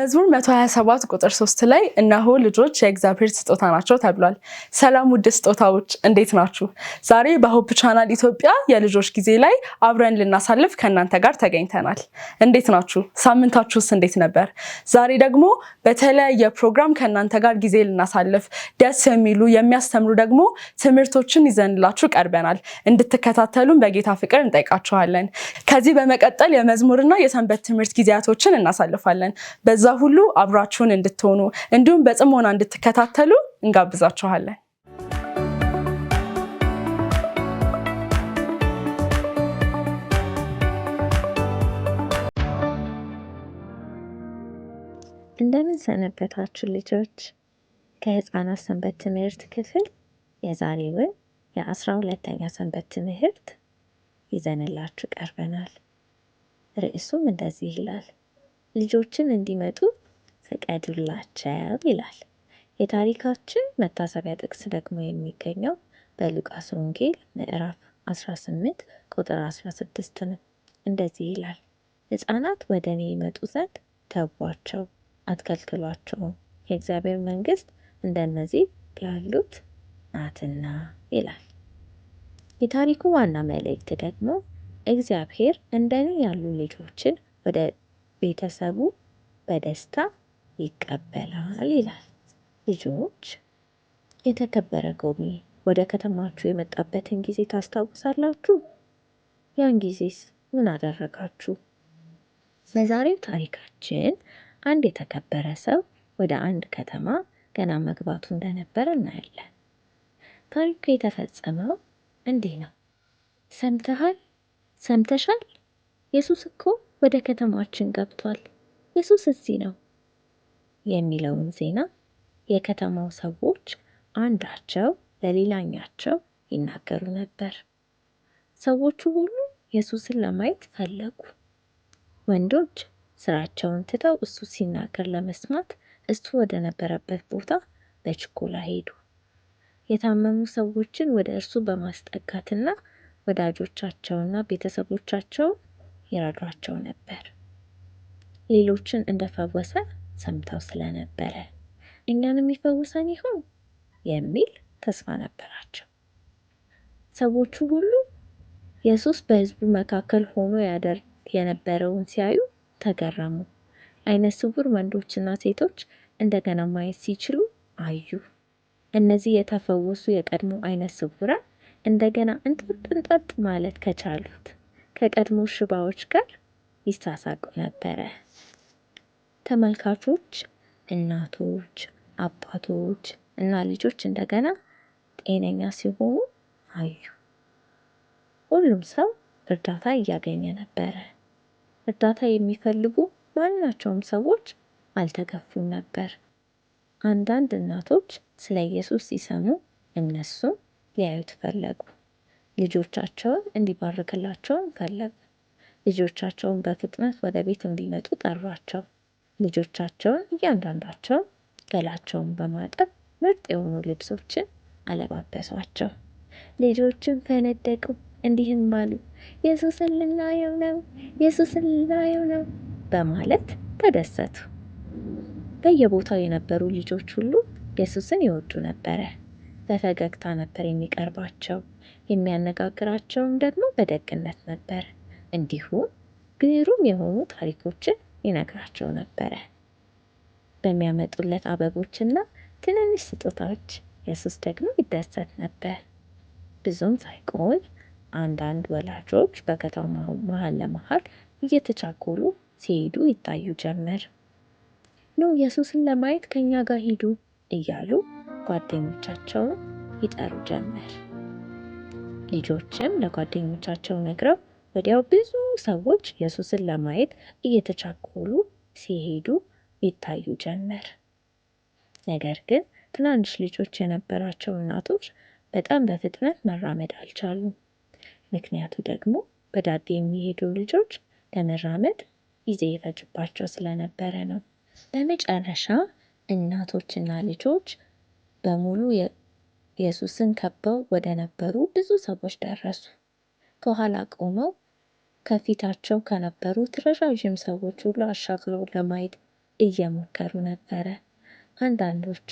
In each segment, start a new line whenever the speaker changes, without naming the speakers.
በመዝሙር 127 ቁጥር 3 ላይ እነሆ ልጆች የእግዚአብሔር ስጦታ ናቸው ተብሏል። ሰላም ውድ ስጦታዎች እንዴት ናችሁ? ዛሬ በሆፕ ቻናል ኢትዮጵያ የልጆች ጊዜ ላይ አብረን ልናሳልፍ ከእናንተ ጋር ተገኝተናል። እንዴት ናችሁ? ሳምንታችሁስ እንዴት ነበር? ዛሬ ደግሞ በተለያየ ፕሮግራም ከእናንተ ጋር ጊዜ ልናሳልፍ ደስ የሚሉ የሚያስተምሩ ደግሞ ትምህርቶችን ይዘንላችሁ ቀርበናል። እንድትከታተሉን በጌታ ፍቅር እንጠይቃችኋለን። ከዚህ በመቀጠል የመዝሙርና የሰንበት ትምህርት ጊዜያቶችን እናሳልፋለን። በዛ ሁሉ አብራችሁን እንድትሆኑ እንዲሁም በጽሞና እንድትከታተሉ እንጋብዛችኋለን።
እንደምን ሰነበታችሁ ልጆች። ከህፃናት ሰንበት ትምህርት ክፍል የዛሬውን የአስራ ሁለተኛ ሰንበት ትምህርት ይዘንላችሁ ቀርበናል። ርዕሱም እንደዚህ ይላል ልጆችን እንዲመጡ ፍቀዱላቸው ይላል። የታሪካችን መታሰቢያ ጥቅስ ደግሞ የሚገኘው በሉቃስ ወንጌል ምዕራፍ 18 ቁጥር 16 ነው። እንደዚህ ይላል፣ ሕፃናት ወደ እኔ ይመጡ ዘንድ ተቧቸው፣ አትከልክሏቸውም፣ የእግዚአብሔር መንግሥት እንደነዚህ ላሉት ናትና ይላል። የታሪኩ ዋና መልእክት ደግሞ እግዚአብሔር እንደኔ ያሉ ልጆችን ወደ ቤተሰቡ በደስታ ይቀበላል ይላል። ልጆች የተከበረ ጎሚ ወደ ከተማችሁ የመጣበትን ጊዜ ታስታውሳላችሁ? ያን ጊዜስ ምን አደረጋችሁ? በዛሬው ታሪካችን አንድ የተከበረ ሰው ወደ አንድ ከተማ ገና መግባቱ እንደነበረ እናያለን። ታሪኩ የተፈጸመው እንዲህ ነው። ሰምተሃል? ሰምተሻል? የሱስ እኮ ወደ ከተማችን ገብቷል፣ ኢየሱስ እዚህ ነው የሚለውን ዜና የከተማው ሰዎች አንዳቸው ለሌላኛቸው ይናገሩ ነበር። ሰዎቹ ሁሉ ኢየሱስን ለማየት ፈለጉ። ወንዶች ስራቸውን ትተው እሱ ሲናገር ለመስማት እሱ ወደ ነበረበት ቦታ በችኮላ ሄዱ። የታመሙ ሰዎችን ወደ እርሱ በማስጠጋትና ወዳጆቻቸውና ቤተሰቦቻቸውን ይረዷቸው ነበር። ሌሎችን እንደፈወሰ ሰምተው ስለነበረ እኛንም ይፈውሰን ይሆን የሚል ተስፋ ነበራቸው። ሰዎቹ ሁሉ ኢየሱስ በሕዝቡ መካከል ሆኖ ያደርግ የነበረውን ሲያዩ ተገረሙ። አይነ ስውር ወንዶችና ሴቶች እንደገና ማየት ሲችሉ አዩ። እነዚህ የተፈወሱ የቀድሞ አይነ ስውራን እንደገና እንጠጥ እንጠጥ ማለት ከቻሉት ከቀድሞ ሽባዎች ጋር ይሳሳቁ ነበረ። ተመልካቾች እናቶች፣ አባቶች እና ልጆች እንደገና ጤነኛ ሲሆኑ አዩ። ሁሉም ሰው እርዳታ እያገኘ ነበረ። እርዳታ የሚፈልጉ ማናቸውም ሰዎች አልተገፉም ነበር። አንዳንድ እናቶች ስለ ኢየሱስ ሲሰሙ እነሱም ሊያዩት ፈለጉ። ልጆቻቸውን እንዲባርክላቸውም ፈለገ። ልጆቻቸውን በፍጥነት ወደ ቤት እንዲመጡ ጠሯቸው። ልጆቻቸውን እያንዳንዳቸው ገላቸውን በማጠብ ምርጥ የሆኑ ልብሶችን አለባበሷቸው። ልጆችን ፈነደቁ፣ እንዲህም አሉ፣ ኢየሱስን ልናየው ነው፣ ኢየሱስን ልናየው ነው በማለት ተደሰቱ። በየቦታው የነበሩ ልጆች ሁሉ ኢየሱስን ይወዱ ነበረ። በፈገግታ ነበር የሚቀርባቸው። የሚያነጋግራቸውም ደግሞ በደግነት ነበር። እንዲሁም ግሩም የሆኑ ታሪኮችን ይነግራቸው ነበረ። በሚያመጡለት አበቦችና ትንንሽ ስጦታዎች የሱስ ደግሞ ይደሰት ነበር። ብዙም ሳይቆይ አንዳንድ ወላጆች በከተማው መሀል ለመሀል እየተቻኮሉ ሲሄዱ ይታዩ ጀመር። ኑ ኢየሱስን ለማየት ከኛ ጋር ሂዱ እያሉ ጓደኞቻቸውን ይጠሩ ጀመር። ልጆችም ለጓደኞቻቸው ነግረው ወዲያው ብዙ ሰዎች ኢየሱስን ለማየት እየተቻኮሉ ሲሄዱ ይታዩ ጀመር። ነገር ግን ትናንሽ ልጆች የነበራቸው እናቶች በጣም በፍጥነት መራመድ አልቻሉም። ምክንያቱ ደግሞ በዳዴ የሚሄዱ ልጆች ለመራመድ ጊዜ ይፈጅባቸው ስለነበረ ነው። በመጨረሻ እናቶችና ልጆች በሙሉ ኢየሱስን ከበው ወደ ነበሩ ብዙ ሰዎች ደረሱ። ከኋላ ቆመው ከፊታቸው ከነበሩት ረዣዥም ሰዎች ሁሉ አሻግረው ለማየት እየሞከሩ ነበረ። አንዳንዶቹ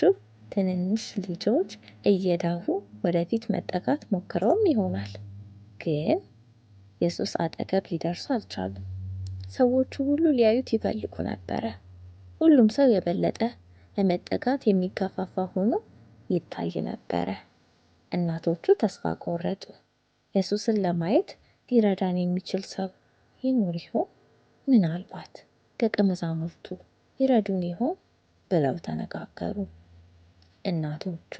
ትንንሽ ልጆች እየዳሁ ወደፊት መጠጋት ሞክረውም ይሆናል፣ ግን ኢየሱስ አጠገብ ሊደርሱ አልቻሉም። ሰዎቹ ሁሉ ሊያዩት ይፈልጉ ነበረ። ሁሉም ሰው የበለጠ ለመጠጋት የሚገፋፋ ሆኖ ይታይ ነበረ። እናቶቹ ተስፋ ቆረጡ። ኢየሱስን ለማየት ሊረዳን የሚችል ሰው ይኖር ይሆን? ምናልባት ደቀ መዛሙርቱ ይረዱን ይሆን ብለው ተነጋገሩ። እናቶቹ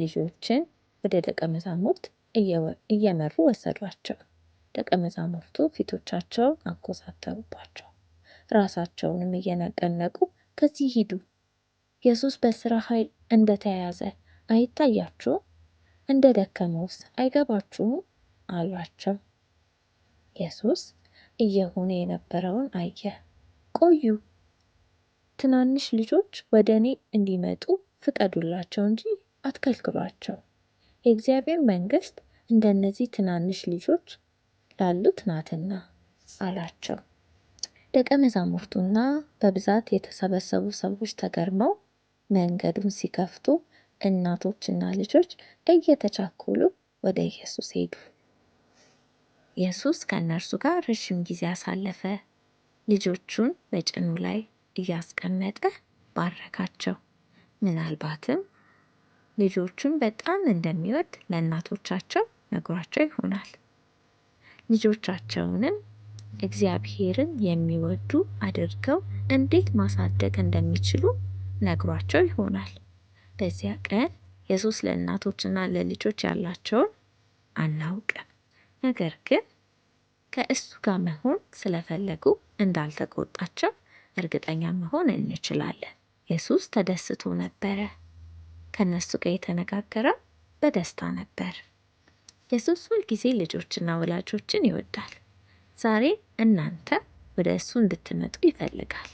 ልጆችን ወደ ደቀ መዛሙርት እየመሩ ወሰዷቸው። ደቀ መዛሙርቱ ፊቶቻቸውን አኮሳተሩባቸው፣ ራሳቸውንም እየነቀነቁ ከዚህ ሂዱ ኢየሱስ በስራ ኃይል እንደተያዘ አይታያችሁ? እንደ ደከመውስ አይገባችሁም? አሏቸው። ኢየሱስ እየሆነ የነበረውን አየ። ቆዩ፣ ትናንሽ ልጆች ወደ እኔ እንዲመጡ ፍቀዱላቸው እንጂ አትከልክሏቸው። የእግዚአብሔር መንግስት እንደነዚህ ትናንሽ ልጆች ላሉት ናትና አላቸው። ደቀ መዛሙርቱና በብዛት የተሰበሰቡ ሰዎች ተገርመው መንገዱን ሲከፍቱ እናቶችና ልጆች እየተቻኮሉ ወደ ኢየሱስ ሄዱ። ኢየሱስ ከእነርሱ ጋር ረዥም ጊዜ አሳለፈ። ልጆቹን በጭኑ ላይ እያስቀመጠ ባረካቸው። ምናልባትም ልጆቹን በጣም እንደሚወድ ለእናቶቻቸው ነግሯቸው ይሆናል። ልጆቻቸውንም እግዚአብሔርን የሚወዱ አድርገው እንዴት ማሳደግ እንደሚችሉ ነግሯቸው ይሆናል። በዚያ ቀን ኢየሱስ ለእናቶችና ለልጆች ያላቸውን አናውቅም። ነገር ግን ከእሱ ጋር መሆን ስለፈለጉ እንዳልተቆጣቸው እርግጠኛ መሆን እንችላለን። ኢየሱስ ተደስቶ ነበረ። ከእነሱ ጋር የተነጋገረው በደስታ ነበር። ኢየሱስ ሁልጊዜ ልጆችና ወላጆችን ይወዳል። ዛሬ እናንተ ወደ እሱ እንድትመጡ ይፈልጋል።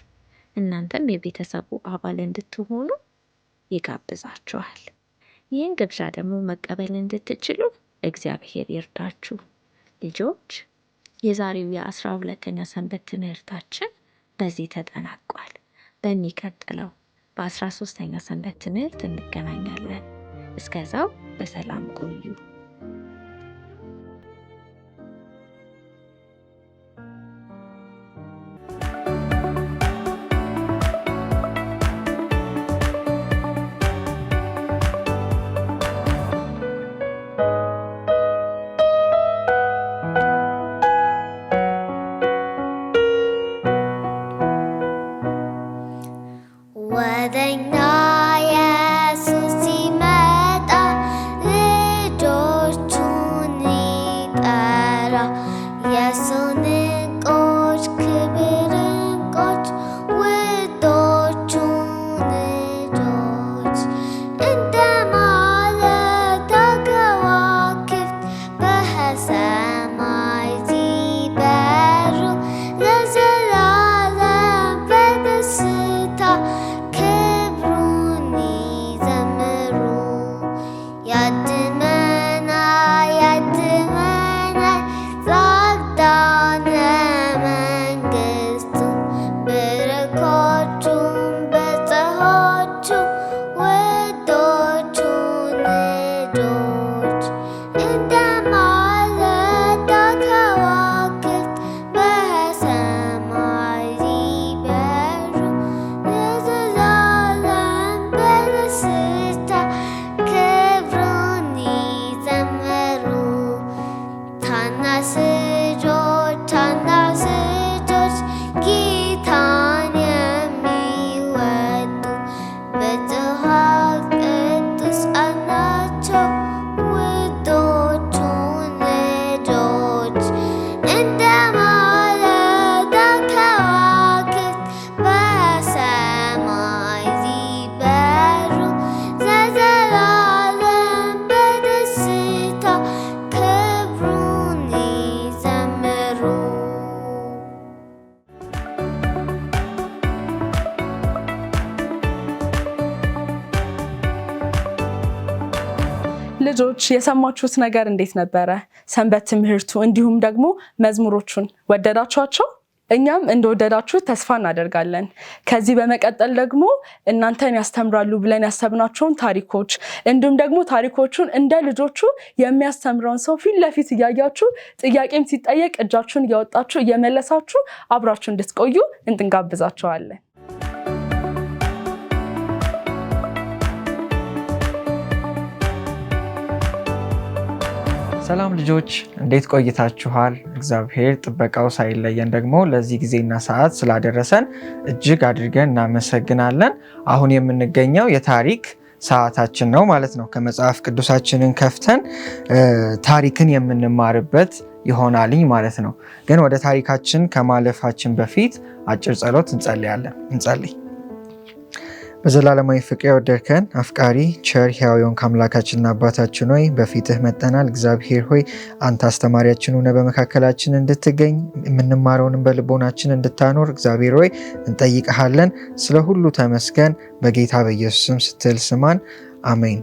እናንተም የቤተሰቡ አባል እንድትሆኑ ይጋብዛችኋል። ይህን ግብዣ ደግሞ መቀበል እንድትችሉ እግዚአብሔር ይርዳችሁ። ልጆች፣ የዛሬው የአስራ ሁለተኛ ሰንበት ትምህርታችን በዚህ ተጠናቋል። በሚቀጥለው በአስራ ሶስተኛ ሰንበት ትምህርት እንገናኛለን። እስከዛው በሰላም ቆዩ።
አድማጮች የሰማችሁት ነገር እንዴት ነበረ? ሰንበት ትምህርቱ እንዲሁም ደግሞ መዝሙሮቹን ወደዳችኋቸው? እኛም እንደወደዳችሁ ተስፋ እናደርጋለን። ከዚህ በመቀጠል ደግሞ እናንተን ያስተምራሉ ብለን ያሰብናቸውን ታሪኮች እንዲሁም ደግሞ ታሪኮቹን እንደ ልጆቹ የሚያስተምረውን ሰው ፊት ለፊት እያያችሁ ጥያቄም ሲጠየቅ እጃችሁን እያወጣችሁ እየመለሳችሁ አብራችሁ እንድትቆዩ እንጥንጋብዛችኋለን።
ሰላም ልጆች እንዴት ቆይታችኋል? እግዚአብሔር ጥበቃው ሳይለየን ደግሞ ለዚህ ጊዜና ሰዓት ስላደረሰን እጅግ አድርገን እናመሰግናለን። አሁን የምንገኘው የታሪክ ሰዓታችን ነው ማለት ነው። ከመጽሐፍ ቅዱሳችንን ከፍተን ታሪክን የምንማርበት ይሆናልኝ ማለት ነው። ግን ወደ ታሪካችን ከማለፋችን በፊት አጭር ጸሎት እንጸልያለን። እንጸልይ በዘላለማዊ ፍቅር የወደድከን አፍቃሪ ቸር ሕያው የሆንክ አምላካችንና አባታችን ሆይ በፊትህ መጠናል። እግዚአብሔር ሆይ አንተ አስተማሪያችን ሆነ በመካከላችን እንድትገኝ የምንማረውንም በልቦናችን እንድታኖር እግዚአብሔር ሆይ እንጠይቀሃለን። ስለ ሁሉ ተመስገን። በጌታ በኢየሱስም ስትል ስማን። አሜን።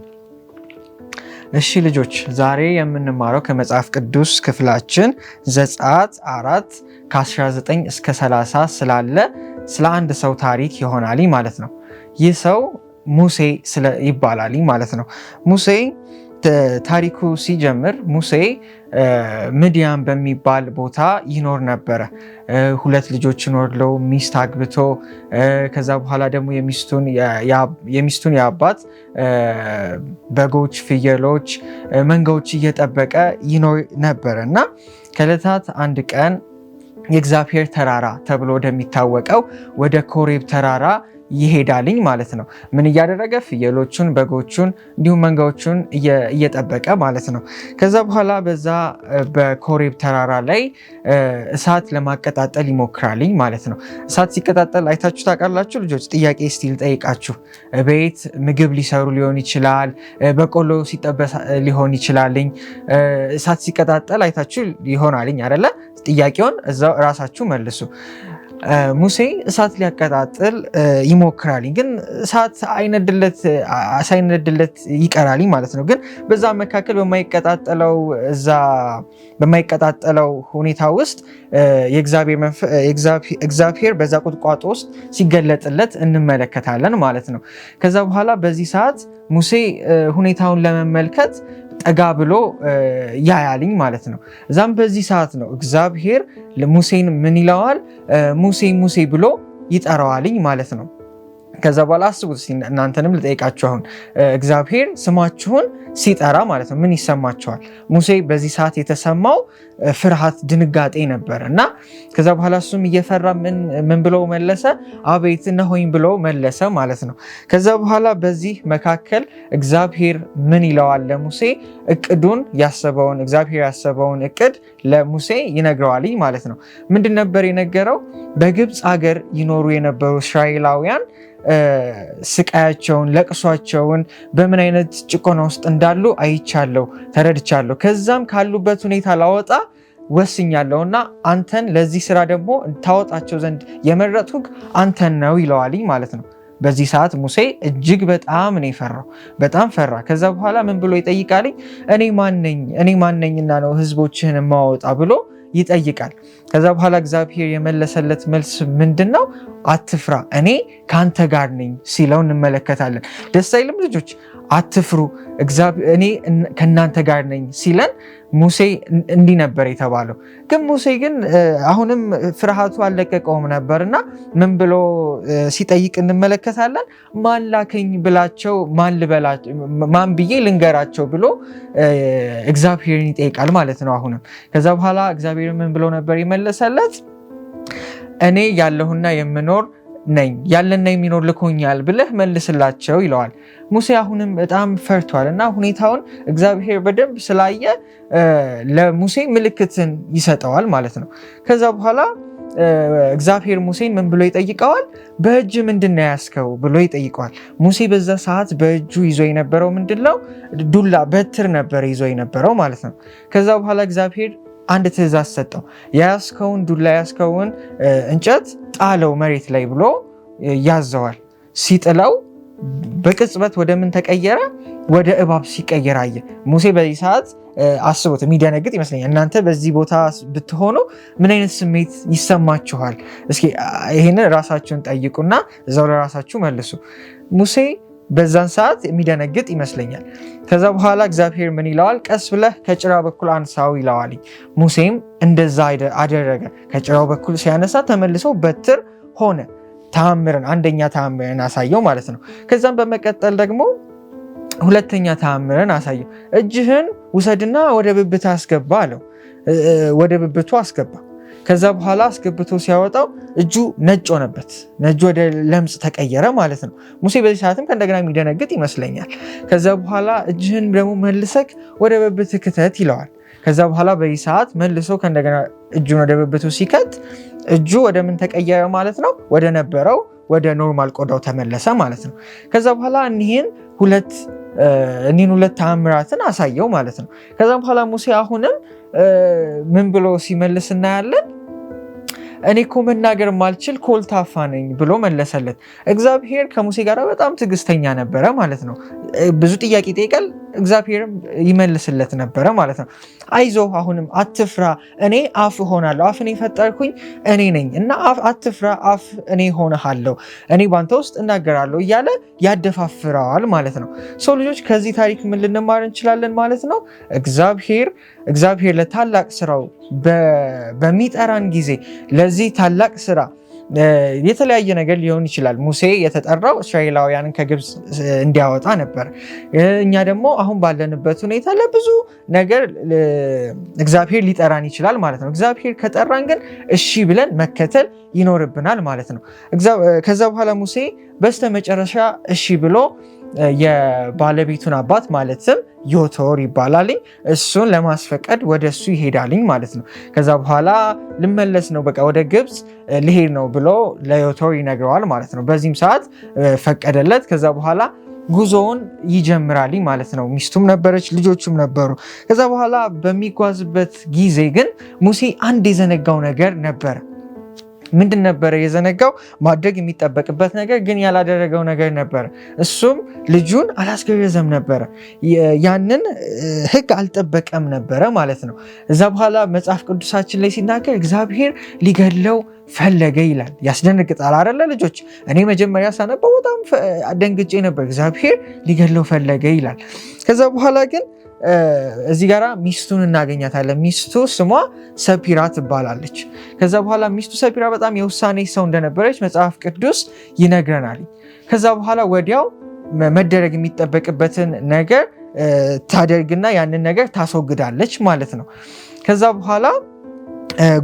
እሺ ልጆች ዛሬ የምንማረው ከመጽሐፍ ቅዱስ ክፍላችን ዘጸአት አራት ከ19 እስከ 30 ስላለ ስለ አንድ ሰው ታሪክ ይሆናል ማለት ነው። ይህ ሰው ሙሴ ይባላል ማለት ነው። ሙሴ ታሪኩ ሲጀምር ሙሴ ምድያም በሚባል ቦታ ይኖር ነበረ። ሁለት ልጆችን ወልዶ ሚስት አግብቶ ከዛ በኋላ ደግሞ የሚስቱን የአባት በጎች፣ ፍየሎች፣ መንጋዎች እየጠበቀ ይኖር ነበረ እና ከዕለታት አንድ ቀን የእግዚአብሔር ተራራ ተብሎ ወደሚታወቀው ወደ ኮሬብ ተራራ ይሄዳልኝ ማለት ነው። ምን እያደረገ ፍየሎቹን፣ በጎቹን እንዲሁም መንጋዎቹን እየጠበቀ ማለት ነው። ከዛ በኋላ በዛ በኮሬብ ተራራ ላይ እሳት ለማቀጣጠል ይሞክራልኝ ማለት ነው። እሳት ሲቀጣጠል አይታችሁ ታውቃላችሁ ልጆች? ጥያቄ ስቲል ጠይቃችሁ ቤት ምግብ ሊሰሩ ሊሆን ይችላል፣ በቆሎ ሲጠበስ ሊሆን ይችላልኝ። እሳት ሲቀጣጠል አይታችሁ ይሆናልኝ አይደለ? ጥያቄውን እዛው ራሳችሁ መልሱ። ሙሴ እሳት ሊያቀጣጥል ይሞክራል፣ ግን እሳት ሳይነድለት ይቀራል ማለት ነው። ግን በዛ መካከል በማይቀጣጠለው እዛ በማይቀጣጠለው ሁኔታ ውስጥ እግዚአብሔር በዛ ቁጥቋጦ ውስጥ ሲገለጥለት እንመለከታለን ማለት ነው። ከዛ በኋላ በዚህ ሰዓት ሙሴ ሁኔታውን ለመመልከት ጠጋ ብሎ ያያልኝ ማለት ነው። እዛም በዚህ ሰዓት ነው እግዚአብሔር ሙሴን ምን ይለዋል? ሙሴ ሙሴ ብሎ ይጠራዋልኝ ማለት ነው። ከዛ በኋላ አስቡት እናንተንም ልጠይቃችሁ። አሁን እግዚአብሔር ስማችሁን ሲጠራ ማለት ነው ምን ይሰማችኋል? ሙሴ በዚህ ሰዓት የተሰማው ፍርሃት፣ ድንጋጤ ነበር እና ከዛ በኋላ እሱም እየፈራ ምን ብለው መለሰ? አቤት እነሆኝ ብሎ መለሰ ማለት ነው። ከዛ በኋላ በዚህ መካከል እግዚአብሔር ምን ይለዋል ለሙሴ? እቅዱን ያሰበውን እግዚአብሔር ያሰበውን እቅድ ለሙሴ ይነግረዋልኝ ማለት ነው። ምንድን ነበር የነገረው? በግብፅ ሀገር ይኖሩ የነበሩ እስራኤላውያን ስቃያቸውን ለቅሷቸውን በምን አይነት ጭቆና ውስጥ እንዳሉ አይቻለሁ፣ ተረድቻለሁ። ከዛም ካሉበት ሁኔታ ላወጣ ወስኛለሁ እና አንተን ለዚህ ስራ ደግሞ ታወጣቸው ዘንድ የመረጥኩህ አንተን ነው ይለዋልኝ ማለት ነው። በዚህ ሰዓት ሙሴ እጅግ በጣም ነው የፈራው፣ በጣም ፈራ። ከዛ በኋላ ምን ብሎ ይጠይቃልኝ? እኔ ማነኝ እኔ ማነኝና ነው ህዝቦችህን ማወጣ ብሎ ይጠይቃል። ከዛ በኋላ እግዚአብሔር የመለሰለት መልስ ምንድን ነው? አትፍራ፣ እኔ ከአንተ ጋር ነኝ ሲለው እንመለከታለን። ደስ አይልም ልጆች? አትፍሩ እኔ ከእናንተ ጋር ነኝ ሲለን ሙሴ እንዲህ ነበር የተባለው። ግን ሙሴ ግን አሁንም ፍርሃቱ አልለቀቀውም ነበር እና ምን ብሎ ሲጠይቅ እንመለከታለን። ማን ላከኝ ብላቸው ማን ብዬ ልንገራቸው ብሎ እግዚአብሔርን ይጠይቃል ማለት ነው። አሁንም ከዛ በኋላ እግዚአብሔር ምን ብሎ ነበር የመለሰለት? እኔ ያለሁና የምኖር ነኝ ያለና የሚኖር ልኮኛል ብለህ መልስላቸው ይለዋል። ሙሴ አሁንም በጣም ፈርቷል እና ሁኔታውን እግዚአብሔር በደንብ ስላየ ለሙሴ ምልክትን ይሰጠዋል ማለት ነው። ከዛ በኋላ እግዚአብሔር ሙሴን ምን ብሎ ይጠይቀዋል? በእጅ ምንድን ነው ያስከው ብሎ ይጠይቀዋል። ሙሴ በዛ ሰዓት በእጁ ይዞ የነበረው ምንድን ነው? ዱላ በትር ነበር ይዞ የነበረው ማለት ነው። ከዛ በኋላ እግዚአብሔር አንድ ትእዛዝ ሰጠው። የያዝከውን ዱላ የያዝከውን እንጨት ጣለው መሬት ላይ ብሎ ያዘዋል። ሲጥለው በቅጽበት ወደ ምን ተቀየረ? ወደ እባብ ሲቀየር አየ። ሙሴ በዚህ ሰዓት አስቦት የሚደነግጥ ይመስለኛል። እናንተ በዚህ ቦታ ብትሆኑ ምን አይነት ስሜት ይሰማችኋል? እስኪ ይህንን ራሳችሁን ጠይቁና እዛው ለራሳችሁ መልሱ። ሙሴ በዛን ሰዓት የሚደነግጥ ይመስለኛል። ከዛ በኋላ እግዚአብሔር ምን ይለዋል? ቀስ ብለህ ከጭራ በኩል አንሳው ይለዋል። ሙሴም እንደዛ አደረገ። ከጭራው በኩል ሲያነሳ ተመልሶ በትር ሆነ። ተአምርን አንደኛ ተአምርን አሳየው ማለት ነው። ከዛም በመቀጠል ደግሞ ሁለተኛ ተአምርን አሳየው። እጅህን ውሰድና ወደ ብብት አስገባ አለው። ወደ ብብቱ አስገባ ከዛ በኋላ አስገብቶ ሲያወጣው እጁ ነጭ ሆነበት። ነጁ ወደ ለምጽ ተቀየረ ማለት ነው። ሙሴ በዚህ ሰዓትም ከእንደገና የሚደነግጥ ይመስለኛል። ከዛ በኋላ እጅህን ደግሞ መልሰክ ወደ ብብት ክተት ይለዋል። ከዛ በኋላ በዚህ ሰዓት መልሶ ከእንደገና እጁን ወደ ብብቱ ሲከት እጁ ወደ ምን ተቀየረ ማለት ነው? ወደ ነበረው ወደ ኖርማል ቆዳው ተመለሰ ማለት ነው። ከዛ በኋላ እኒህን ሁለት እኒን ሁለት ተአምራትን አሳየው ማለት ነው። ከዛም በኋላ ሙሴ አሁንም ምን ብሎ ሲመልስ እናያለን። እኔ እኮ መናገር ማልችል ኮልታፋ ነኝ ብሎ መለሰለት። እግዚአብሔር ከሙሴ ጋር በጣም ትዕግስተኛ ነበረ ማለት ነው። ብዙ ጥያቄ ይጠይቃል፣ እግዚአብሔርም ይመልስለት ነበረ ማለት ነው። አይዞ አሁንም አትፍራ፣ እኔ አፍ እሆናለሁ፣ አፍ የፈጠርኩኝ ፈጠርኩኝ፣ እኔ ነኝ እና አትፍራ፣ አፍ እኔ ሆነሃለሁ፣ እኔ ባንተ ውስጥ እናገራለሁ እያለ ያደፋፍረዋል ማለት ነው። ሰው ልጆች ከዚህ ታሪክ ምን ልንማር እንችላለን ማለት ነው እግዚአብሔር እግዚአብሔር ለታላቅ ስራው በሚጠራን ጊዜ ለዚህ ታላቅ ስራ የተለያየ ነገር ሊሆን ይችላል። ሙሴ የተጠራው እስራኤላውያንን ከግብፅ እንዲያወጣ ነበር። እኛ ደግሞ አሁን ባለንበት ሁኔታ ለብዙ ነገር እግዚአብሔር ሊጠራን ይችላል ማለት ነው። እግዚአብሔር ከጠራን ግን እሺ ብለን መከተል ይኖርብናል ማለት ነው። ከዛ በኋላ ሙሴ በስተመጨረሻ እሺ ብሎ የባለቤቱን አባት ማለትም ዮቶር ይባላልኝ እሱን ለማስፈቀድ ወደ እሱ ይሄዳልኝ ማለት ነው። ከዛ በኋላ ልመለስ ነው በቃ ወደ ግብፅ ልሄድ ነው ብሎ ለዮቶር ይነግረዋል ማለት ነው። በዚህም ሰዓት ፈቀደለት። ከዛ በኋላ ጉዞውን ይጀምራልኝ ማለት ነው። ሚስቱም ነበረች፣ ልጆቹም ነበሩ። ከዛ በኋላ በሚጓዝበት ጊዜ ግን ሙሴ አንድ የዘነጋው ነገር ነበረ። ምንድን ነበረ የዘነጋው? ማድረግ የሚጠበቅበት ነገር ግን ያላደረገው ነገር ነበረ። እሱም ልጁን አላስገረዘም ነበረ። ያንን ህግ አልጠበቀም ነበረ ማለት ነው። እዛ በኋላ መጽሐፍ ቅዱሳችን ላይ ሲናገር እግዚአብሔር ሊገድለው ፈለገ ይላል። ያስደነግጣል አይደለ ልጆች? እኔ መጀመሪያ ሳነበው በጣም ደንግጬ ነበር። እግዚአብሔር ሊገድለው ፈለገ ይላል። ከዛ በኋላ ግን እዚህ ጋራ ሚስቱን እናገኛታለን። ሚስቱ ስሟ ሰፒራ ትባላለች። ከዛ በኋላ ሚስቱ ሰፒራ በጣም የውሳኔ ሰው እንደነበረች መጽሐፍ ቅዱስ ይነግረናል። ከዛ በኋላ ወዲያው መደረግ የሚጠበቅበትን ነገር ታደርግና ያንን ነገር ታስወግዳለች ማለት ነው። ከዛ በኋላ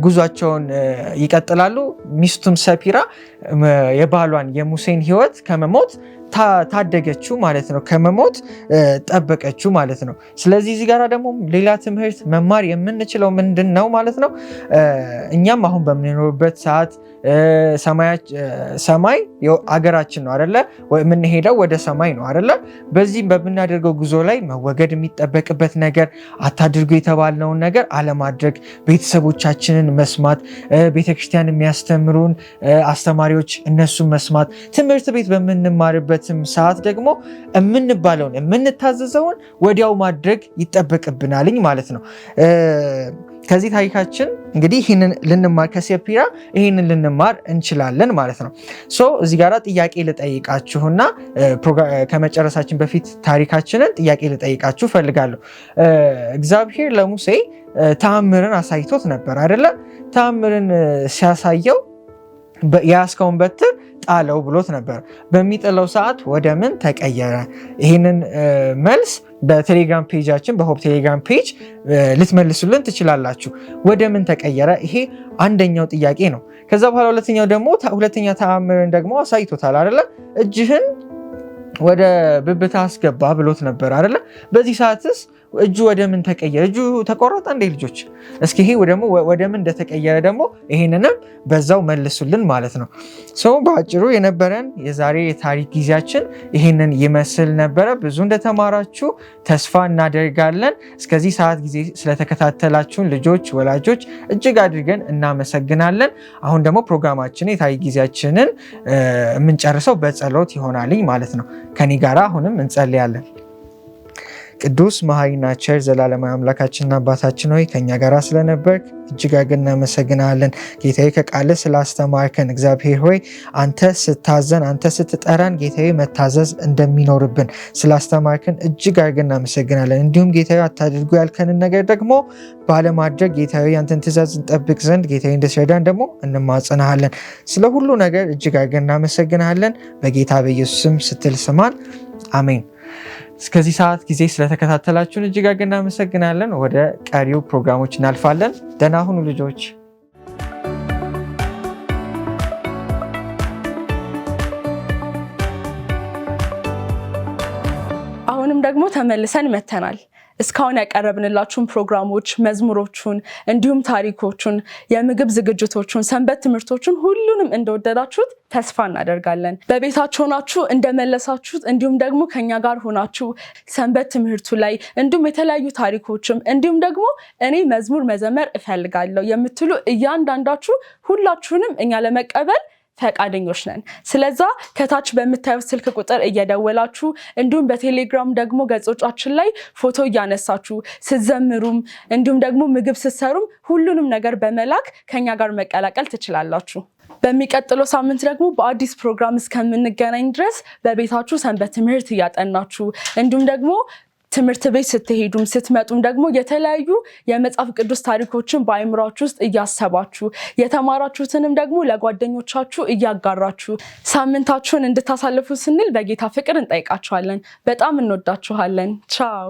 ጉዟቸውን ይቀጥላሉ። ሚስቱም ሰፒራ የባሏን የሙሴን ሕይወት ከመሞት ታደገችው ማለት ነው። ከመሞት ጠበቀችው ማለት ነው። ስለዚህ እዚህ ጋር ደግሞ ሌላ ትምህርት መማር የምንችለው ምንድን ነው ማለት ነው? እኛም አሁን በምንኖርበት ሰዓት ሰማይ አገራችን ነው አደለ? የምንሄደው ወደ ሰማይ ነው አደለ? በዚህም በምናደርገው ጉዞ ላይ መወገድ የሚጠበቅበት ነገር፣ አታድርጉ የተባልነውን ነገር አለማድረግ፣ ቤተሰቦቻችንን መስማት፣ ቤተክርስቲያን የሚያስተምሩን አስተማሪዎች እነሱን መስማት፣ ትምህርት ቤት በምንማርበት በሚሆንበትም ሰዓት ደግሞ የምንባለውን የምንታዘዘውን ወዲያው ማድረግ ይጠበቅብናልኝ ማለት ነው። ከዚህ ታሪካችን እንግዲህ ይህንን ልንማር ከሴፒራ ይህንን ልንማር እንችላለን ማለት ነው። ሶ እዚህ ጋር ጥያቄ ልጠይቃችሁና ከመጨረሳችን በፊት ታሪካችንን ጥያቄ ልጠይቃችሁ ፈልጋለሁ። እግዚአብሔር ለሙሴ ተአምርን አሳይቶት ነበር አይደለም? ተአምርን ሲያሳየው የያዝከውን በትር ጣለው ብሎት ነበር። በሚጥለው ሰዓት ወደ ምን ተቀየረ? ይህንን መልስ በቴሌግራም ፔጃችን በሆፕ ቴሌግራም ፔጅ ልትመልሱልን ትችላላችሁ። ወደ ምን ተቀየረ? ይሄ አንደኛው ጥያቄ ነው። ከዛ በኋላ ሁለተኛው ደግሞ ሁለተኛ ተአምርን ደግሞ አሳይቶታል አይደለ? እጅህን ወደ ብብታ አስገባ ብሎት ነበር አይደለ? በዚህ ሰዓትስ እጁ ወደ ምን ተቀየረ? እጁ ተቆረጠ እንዴ ልጆች? እስኪ ይሄ ደግሞ ወደ ምን እንደተቀየረ ደግሞ ይሄንንም በዛው መልሱልን ማለት ነው። ሰው በአጭሩ የነበረን የዛሬ የታሪክ ጊዜያችን ይሄንን ይመስል ነበረ። ብዙ እንደተማራችሁ ተስፋ እናደርጋለን። እስከዚህ ሰዓት ጊዜ ስለተከታተላችሁን ልጆች፣ ወላጆች እጅግ አድርገን እናመሰግናለን። አሁን ደግሞ ፕሮግራማችን የታሪክ ጊዜያችንን የምንጨርሰው በጸሎት ይሆናልኝ ማለት ነው። ከኔ ጋር አሁንም እንጸልያለን። ቅዱስ መሐሪና ቸር ዘላለማዊ አምላካችንና አባታችን ሆይ ከእኛ ጋር ስለነበርክ እጅግ አድርገን እናመሰግናለን። ጌታዬ ከቃል ስላስተማርከን እግዚአብሔር ሆይ አንተ ስታዘን፣ አንተ ስትጠራን ጌታዬ መታዘዝ እንደሚኖርብን ስላስተማርከን እጅግ አድርገን እናመሰግናለን። እንዲሁም ጌታዬ አታድርጉ ያልከንን ነገር ደግሞ ባለማድረግ ጌታዬ አንተን ትእዛዝ እንጠብቅ ዘንድ ጌታዬ እንደስረዳን ደግሞ እንማጽናሃለን። ስለ ሁሉ ነገር እጅግ አድርገን እናመሰግናለን። በጌታ በኢየሱስም ስትል ስማን፣ አሜን። እስከዚህ ሰዓት ጊዜ ስለተከታተላችሁን እጅግ አድርገን እናመሰግናለን። ወደ ቀሪው ፕሮግራሞች እናልፋለን። ደህና ሁኑ ልጆች።
አሁንም ደግሞ ተመልሰን መተናል። እስካሁን ያቀረብንላችሁን ፕሮግራሞች፣ መዝሙሮቹን፣ እንዲሁም ታሪኮቹን፣ የምግብ ዝግጅቶቹን፣ ሰንበት ትምህርቶቹን ሁሉንም እንደወደዳችሁት ተስፋ እናደርጋለን። በቤታችሁ ሆናችሁ እንደመለሳችሁት እንዲሁም ደግሞ ከኛ ጋር ሆናችሁ ሰንበት ትምህርቱ ላይ እንዲሁም የተለያዩ ታሪኮችም እንዲሁም ደግሞ እኔ መዝሙር መዘመር እፈልጋለሁ የምትሉ እያንዳንዳችሁ ሁላችሁንም እኛ ለመቀበል ፈቃደኞች ነን። ስለዛ ከታች በምታዩት ስልክ ቁጥር እየደወላችሁ እንዲሁም በቴሌግራም ደግሞ ገጾቻችን ላይ ፎቶ እያነሳችሁ ስትዘምሩም እንዲሁም ደግሞ ምግብ ስትሰሩም ሁሉንም ነገር በመላክ ከኛ ጋር መቀላቀል ትችላላችሁ። በሚቀጥለው ሳምንት ደግሞ በአዲስ ፕሮግራም እስከምንገናኝ ድረስ በቤታችሁ ሰንበት ትምህርት እያጠናችሁ እንዲሁም ደግሞ ትምህርት ቤት ስትሄዱም ስትመጡም ደግሞ የተለያዩ የመጽሐፍ ቅዱስ ታሪኮችን በአይምሯችሁ ውስጥ እያሰባችሁ የተማራችሁትንም ደግሞ ለጓደኞቻችሁ እያጋራችሁ ሳምንታችሁን እንድታሳልፉ ስንል በጌታ ፍቅር እንጠይቃችኋለን። በጣም እንወዳችኋለን። ቻው